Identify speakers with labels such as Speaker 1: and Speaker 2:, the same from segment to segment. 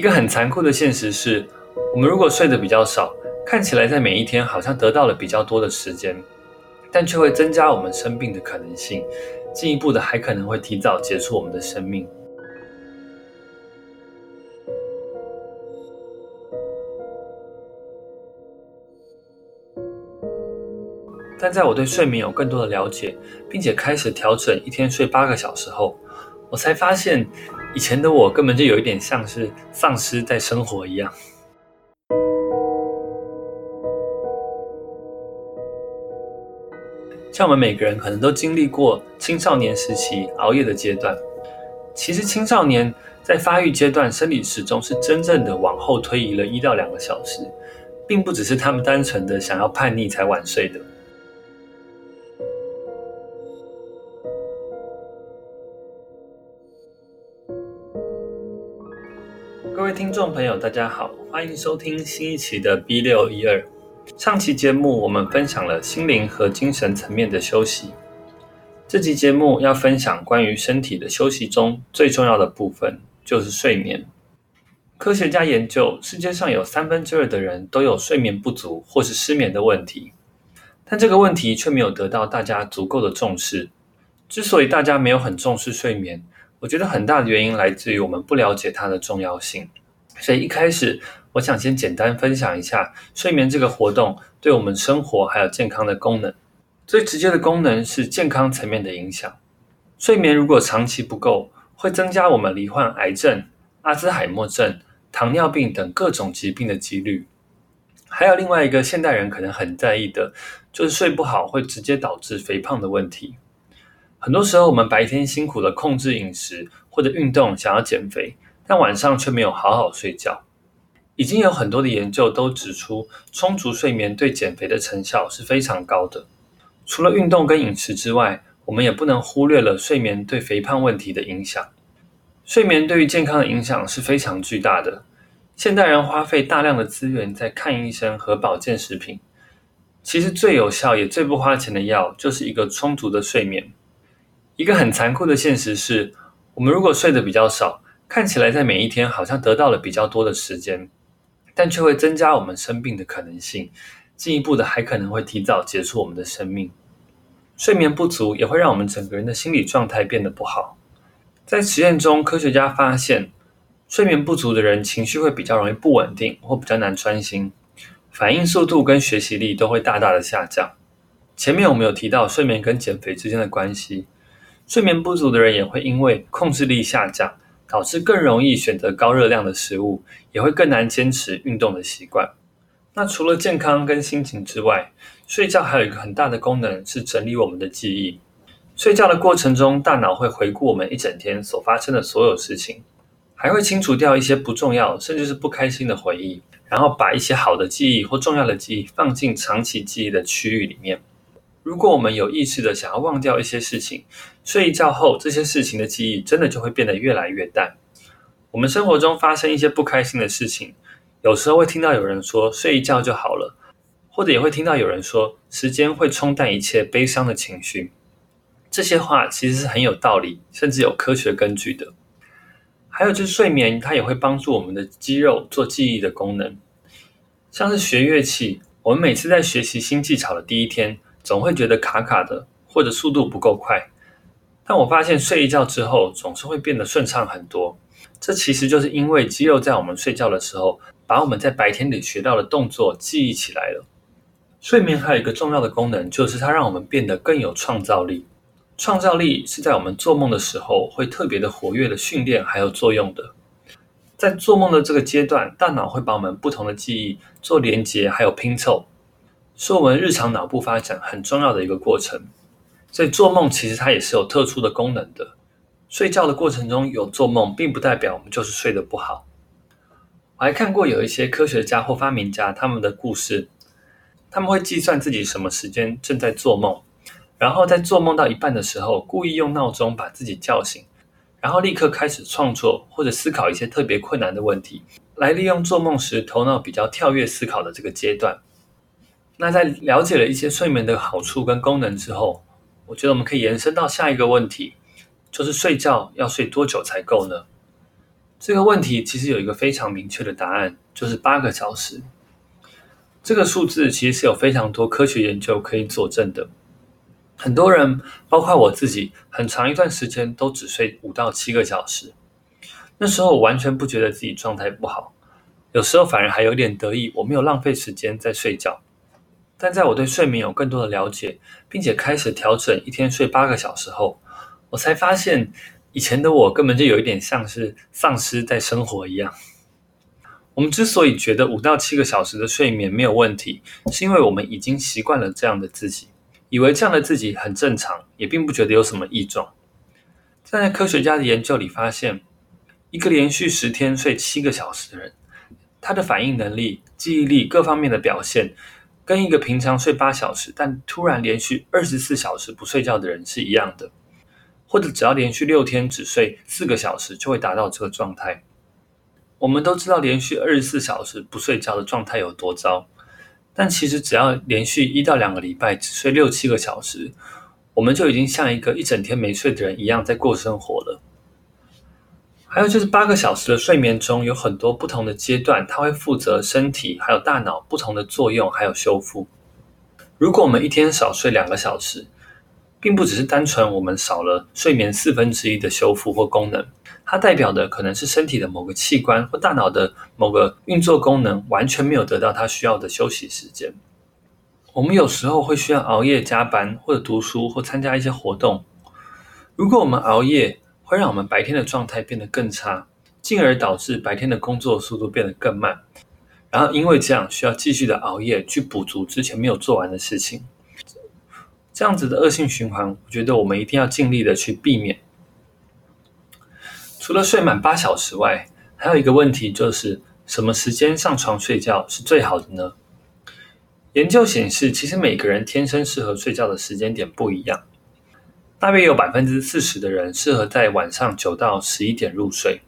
Speaker 1: 一個很殘酷的現實是，我們如果睡得比較少，看起來在每一天好像得到了比較多的時間，但卻會增加我們生病的可能性，進一步的還可能會提早結束我們的生命。但在我對睡眠有更多的了解，並且開始調整一天睡八個小時後。我才發現，以前的我根本就有一點像是喪屍在生活一樣。像我們每個人可能都經歷過青少年時期熬夜的階段，其實青少年在發育階段生理時鐘是真正的往後推移了一到兩個小時，並不只是他們單純的想要叛逆才晚睡的。聽眾朋友，大家好，歡迎收聽新一期的 B612。上期節目我們分享了心靈和精神層面的休息，這期節目要分享關於身體的休息中最重要的部分，就是睡眠。科學家研究，世界上有三分之二的人都有睡眠不足或是失眠的問題，但這個問題卻沒有得到大家足夠的重視。之所以大家沒有很重視睡眠，我覺得很大的原因來自於我們不了解它的重要性。所以一開始，我想先簡單分享一下睡眠這個活動對我們生活還有健康的功能。最直接的功能是健康層面的影響。睡眠如果長期不夠，會增加我們罹患癌症、阿茲海默症、糖尿病等各種疾病的幾率。還有另外一個現代人可能很在意的，就是睡不好會直接導致肥胖的問題。很多時候，我們白天辛苦的控制飲食或者運動，想要減肥。但晚上卻沒有好好睡覺，已經有很多的研究都指出，充足睡眠對減肥的成效是非常高的。除了運動跟飲食之外，我們也不能忽略了睡眠對肥胖問題的影響。睡眠對於健康的影響是非常巨大的。現代人花費大量的資源在看醫生和保健食品，其實最有效也最不花錢的藥就是一個充足的睡眠。一個很殘酷的現實是，我們如果睡得比較少，看起來在每一天好像得到了比較多的時間，但卻會增加我們生病的可能性。進一步的，還可能會提早結束我們的生命。睡眠不足也會讓我們整個人的心理狀態變得不好。在實驗中，科學家發現，睡眠不足的人情緒會比較容易不穩定，或比較難專心，反應速度跟學習力都會大大的下降。前面我們有提到睡眠跟減肥之間的關係，睡眠不足的人也會因為控制力下降。導致更容易選擇高熱量的食物，也會更難堅持運動的習慣。那除了健康跟心情之外，睡覺還有一個很大的功能是整理我們的記憶。睡覺的過程中，大腦會回顧我們一整天所發生的所有事情，還會清除掉一些不重要甚至是不開心的回憶，然後把一些好的記憶或重要的記憶放進長期記憶的區域裡面。如果我們有意識地想要忘掉一些事情，睡一覺後，這些事情的記憶真的就會變得越來越淡。我們生活中發生一些不開心的事情，有時候會聽到有人說“睡一覺就好了”，或者也會聽到有人說“時間會沖淡一切悲傷的情緒”。這些話其實是很有道理，甚至有科學根據的。還有就是睡眠，它也會幫助我們的肌肉做記憶的功能。像是學樂器，我們每次在學習新技巧的第一天。總會覺得卡卡的，或者速度不夠快。但我發現睡一覺之後，總是會變得順暢很多。這其實就是因為肌肉在我們睡覺的時候，把我們在白天裡學到的動作記憶起來了。睡眠還有一個重要的功能，就是它讓我們變得更有創造力。創造力是在我們做夢的時候會特別的活躍的訓練還有作用的。在做夢的這個階段，大腦會把我們不同的記憶做連接，還有拼湊。是我們日常腦部發展很重要的一個過程，所以做夢其實它也是有特殊的功能的。睡覺的過程中有做夢，並不代表我們就是睡得不好。我還看過有一些科學家或發明家他們的故事，他們會計算自己什麼時間正在做夢，然後在做夢到一半的時候，故意用鬧鐘把自己叫醒，然後立刻開始創作或者思考一些特別困難的問題，來利用做夢時頭腦比較跳躍思考的這個階段。那在了解了一些睡眠的好處跟功能之後，我覺得我們可以延伸到下一個問題，就是睡覺要睡多久才夠呢？這個問題其實有一個非常明確的答案，就是八個小時。這個數字其實是有非常多科學研究可以佐證的。很多人，包括我自己，很長一段時間都只睡五到七個小時，那時候我完全不覺得自己狀態不好，有時候反而還有一點得意，我沒有浪費時間在睡覺。但在我對睡眠有更多的了解，並且開始調整一天睡八個小時後，我才發現以前的我根本就有一點像是喪屍在生活一樣。我們之所以覺得五到七個小時的睡眠沒有問題，是因為我們已經習慣了這樣的自己，以為這樣的自己很正常，也並不覺得有什麼異狀。但在，在科學家的研究裡發現，一個連續十天睡七個小時的人，他的反應能力、記憶力各方面的表現，跟一個平常睡八小時，但突然連續二十四小時不睡覺的人是一樣的，或者只要連續六天只睡四個小時，就會達到這個狀態。我們都知道連續二十四小時不睡覺的狀態有多糟，但其實只要連續一到兩個禮拜只睡六七個小時，我們就已經像一個一整天沒睡的人一樣在過生活了。還有就是八個小時的睡眠中有很多不同的階段，它會負責身體還有大腦不同的作用還有修復。如果我們一天少睡兩個小時，並不只是單純我們少了睡眠四分之一的修復或功能，它代表的可能是身體的某個器官或大腦的某個運作功能完全沒有得到它需要的休息時間。我們有時候會需要熬夜加班，或者讀書或參加一些活動，如果我們熬夜，會讓我們白天的狀態變得更差，進而導致白天的工作速度變得更慢。然後因為這樣需要繼續的熬夜去補足之前沒有做完的事情，這樣子的惡性循環，我覺得我們一定要盡力的去避免。除了睡滿八小時外，還有一個問題就是什麼時間上床睡覺是最好的呢？研究顯示，其實每個人天生適合睡覺的時間點不一樣。大約有百分之四十的人適合在晚上九到十一點入睡，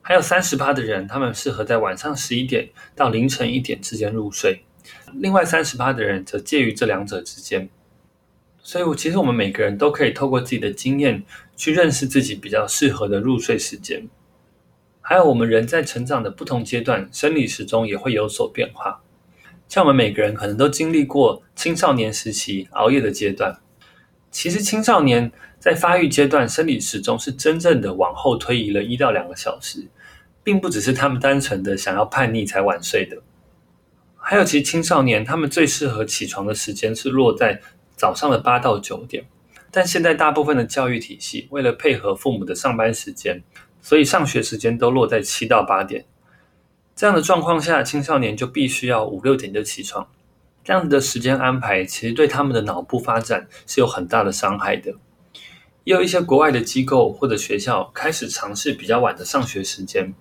Speaker 1: 還有百分之三十的人，他們適合在晚上十一點到凌晨一點之間入睡，另外百分之三十的人則介於這兩者之間。所以，其實我們每個人都可以透過自己的經驗去認識自己比較適合的入睡時間。還有，我們人在成長的不同階段，生理時鐘也會有所變化。像我們每個人可能都經歷過青少年時期熬夜的階段。其實青少年在發育階段，生理時鐘是真正的往後推移了一到兩個小時，並不只是他們單純的想要叛逆才晚睡的。還有，其實青少年他們最適合起床的時間是落在早上的八到九點，但現在大部分的教育體系為了配合父母的上班時間，所以上學時間都落在七到八點。這樣的狀況下，青少年就必須要五六點就起床。這樣子的時間安排，其實對他們的腦部發展是有很大的傷害的。也有一些國外的機構或者學校開始嘗試比較晚的上學時間，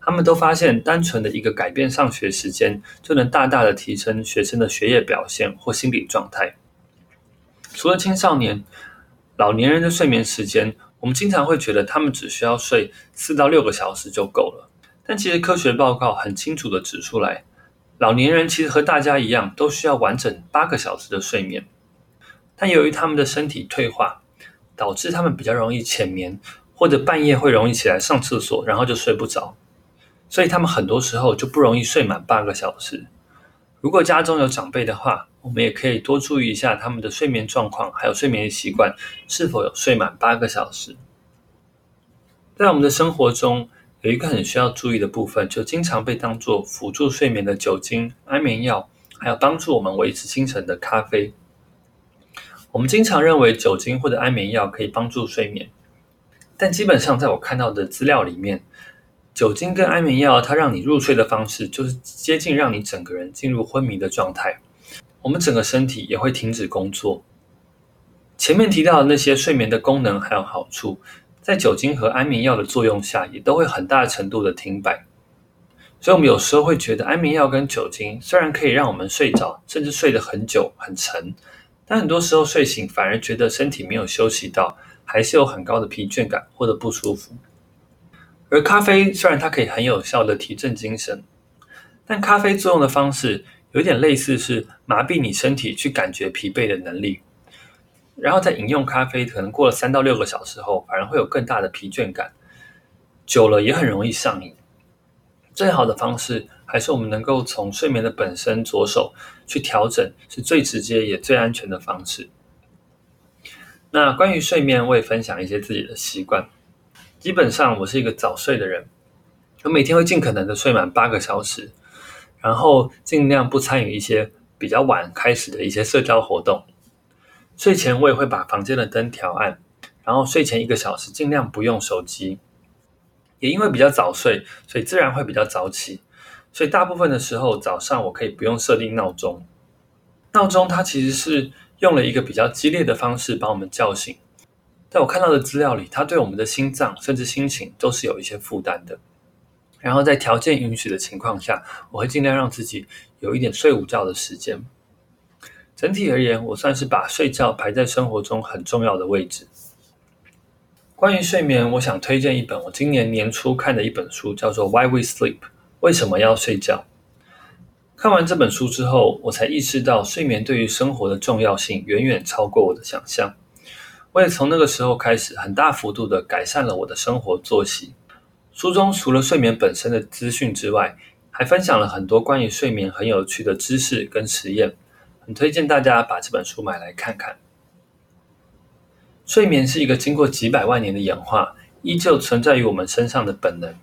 Speaker 1: 他們都發現，單純的一個改變上學時間，就能大大的提升學生的學業表現或心理狀態。除了青少年，老年人的睡眠時間，我們經常會覺得他們只需要睡四到六個小時就夠了，但其實科學報告很清楚的指出來。老年人其實和大家一樣，都需要完整八個小時的睡眠，但由於他們的身體退化，導致他們比較容易淺眠，或者半夜會容易起來上廁所，然後就睡不着，所以他們很多時候就不容易睡滿八個小時。如果家中有長輩的話，我們也可以多注意一下他們的睡眠狀況，還有睡眠習慣是否有睡滿八個小時。在我們的生活中，有一個很需要注意的部分，就經常被當作輔助睡眠的酒精、安眠藥，還有幫助我們維持精神的咖啡。我們經常認為酒精或者安眠藥可以幫助睡眠，但基本上在我看到的資料裡面，酒精跟安眠藥它讓你入睡的方式，就是接近讓你整個人進入昏迷的狀態，我們整個身體也會停止工作。前面提到的那些睡眠的功能還有好處，在酒精和安眠藥的作用下，也都會很大程度的停擺。所以，我們有時候會覺得，安眠藥跟酒精雖然可以讓我們睡着，甚至睡得很久、很沉，但很多時候睡醒反而覺得身體沒有休息到，還是有很高的疲倦感或者不舒服。而咖啡雖然它可以很有效的提振精神，但咖啡作用的方式有點類似，是麻痹你身體去感覺疲憊的能力。然後在飲用咖啡，可能過了三到六個小時後，反而會有更大的疲倦感。久了也很容易上癮。最好的方式還是我們能夠從睡眠的本身着手去調整，是最直接也最安全的方式。那關於睡眠，我也分享一些自己的習慣。基本上，我是一個早睡的人。我每天會盡可能的睡滿八個小時，然後盡量不參與一些比較晚開始的一些社交活動。睡前我也會把房間的燈調暗，然後睡前一個小時盡量不用手機。也因為比較早睡，所以自然會比較早起，所以大部分的時候早上我可以不用設定鬧鐘。鬧鐘它其實是用了一個比較激烈的方式把我們叫醒，在我看到的資料裡，它對我們的心臟甚至心情都是有一些負擔的。然後在條件允許的情況下，我會盡量讓自己有一點睡午覺的時間。整體而言，我算是把睡覺排在生活中很重要的位置。關於睡眠，我想推薦一本我今年年初看的一本書，叫做《Why We Sleep》。為什麼要睡覺？看完這本書之後，我才意識到睡眠對於生活的重要性遠遠超過我的想象。我也從那個時候開始，很大幅度的改善了我的生活作息。書中除了睡眠本身的資訊之外，還分享了很多關於睡眠很有趣的知識跟實驗。很推薦大家把這本書買來看看。睡眠是一個經過幾百萬年的演化，依舊存在於我們身上的本能。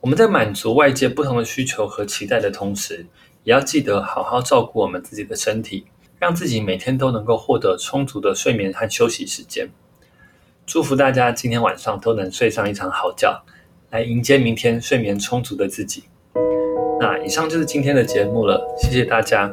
Speaker 1: 我們在滿足外界不同的需求和期待的同時，也要記得好好照顧我們自己的身體，讓自己每天都能夠獲得充足的睡眠和休息時間。祝福大家今天晚上都能睡上一場好覺，來迎接明天睡眠充足的自己。那以上就是今天的節目了，謝謝大家。